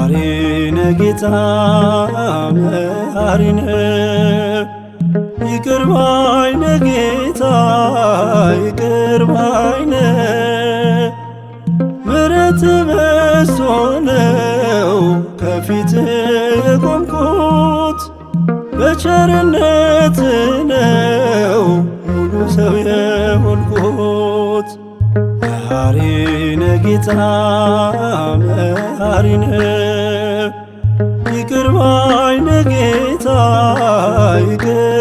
መሐሪነ ጌታ መሐሪነ ይቅር ባይነ ጌታ ይቅር ባይነ ምሕረት በዝቶነው ከፊት የቆምኩት በቸርነት ነው ሙሉ ሰው የሆንኩት መሐሪነ ጌታ መሐሪነ ይቅር ባይነ ጌታ ይቅር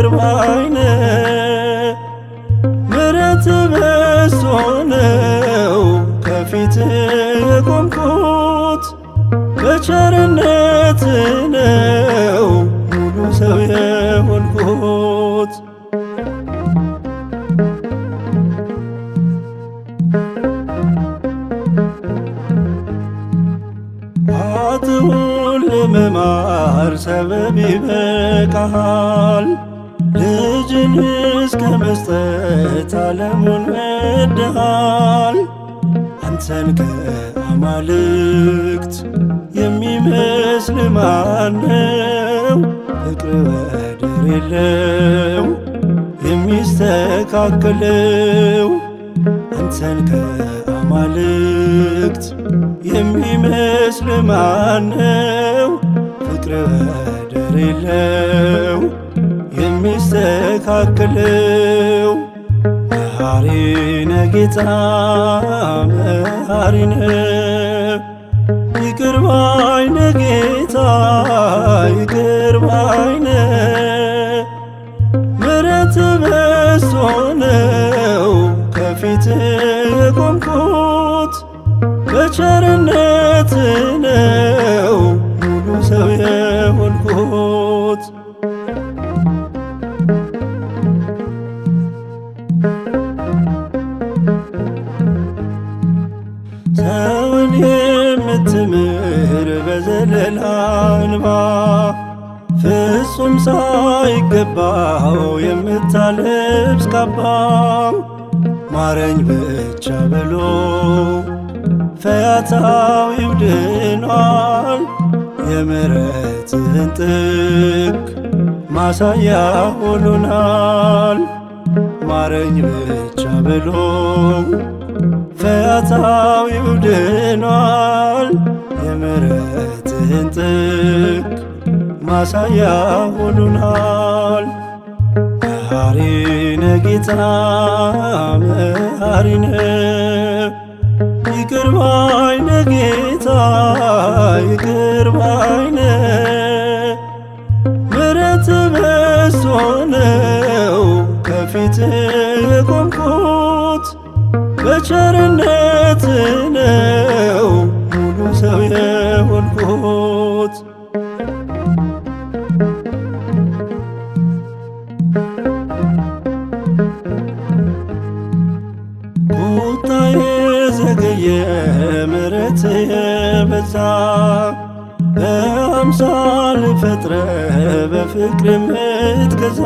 መማር ሰበብ ይበቃሃል። ልጅን እስከ መስጠት ዓለሙን ነድሃል። አንተን ከአማልክት የሚመስል ማነው? ፍቅር ወደር የለው የሚስተካከለው አንተን ከአማልክት የሚመስል ማነው? ወደር የለው የሚስተካከለው መሐሪ ነህ ጌታ መሐሪ ነህ ይቅር ባይ ነህ ጌታ ቃሉን የምትምር በዘለላ እንባ ፍጹም ሳይገባው የምታለብስ ካባ ማረኝ ብቻ ብሎ ፈያታዊው ድኗል። የምሕረትህን ጥግ ማሳያ ሆኖናል። ማረኝ ብቻ ብሎ ከፈታዊው ድኗል። የምሕረትን ጥግ ማሳያ ሆኖናል። መሐሪነ ጌታ መሐሪነ ይቅር ባይነ ጌታ ይቅር ባይነ ምሕረት በዝቶ ነው ከፊት የቆምኩ በቸርነት ነው ሙሉ ሰው የሆንኩት ቁጣ የዘገየ ምሕረት የበዛ በአምሳል ፈጥረ በፍቅር የምትገዛ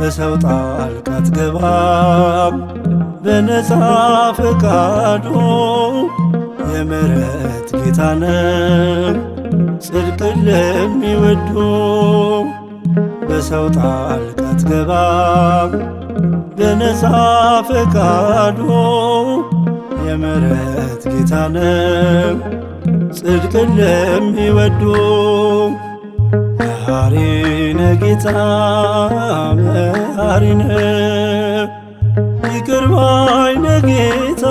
በሰው ጣልቃ አትገባም በነፃ ፈቃዱ የምሕረት ጌታ ነው። ጽድቅ ለሚወዱ በሰው ጣልቃ አትገባም። በነፃ ፈቃዱ የምሕረት ጌታ ነው። ጽድቅን ለሚወዱ መሐሪ ነው ጌታ መሐሪ ነው ይቅር ባይ ነህ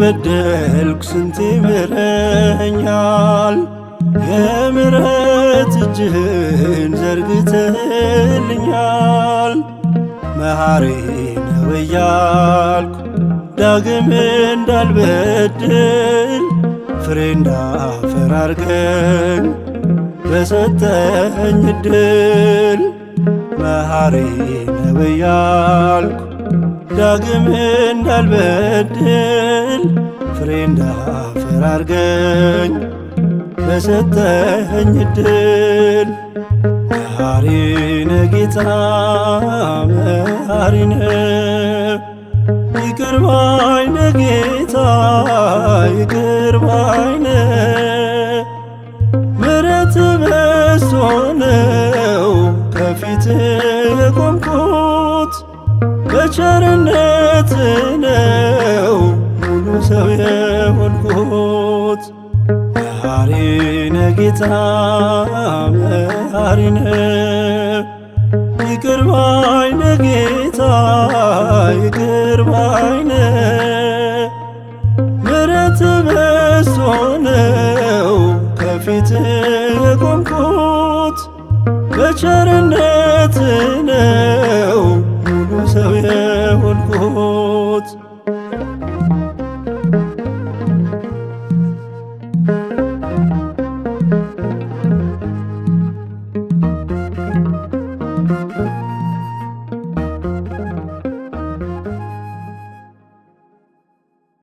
ከበደልኩ ስንት ምረኛል የምረት እጅህን ዘርግተልኛል መሐሪ ነው እያልኩ ዳግም እንዳልበድል ፍሬ እንዳፈራ አድርገን በሰጠኝ እድል መሐሪ ነው እያልኩ ዳግም እንዳልበድል ፍሬ እንዳፈራ አድርገኝ በሰጠኸኝ እድል። መሐሪ ጌታ መሐሪ ይቅርባይነ ጌታ ይቅርባይነ ባይ ነህ። በዝቶ ነው ከፊትህ ቸርነት ነው ሙሉ ሰው የሆንኩት። መሐሪነ ጌታ መሐሪነ ይቅር ባይነ ጌታ ይቅር ባይነ ምሕረት በዝቶ ነው ከፊት የቆምኩት በቸርነት የሆንኩ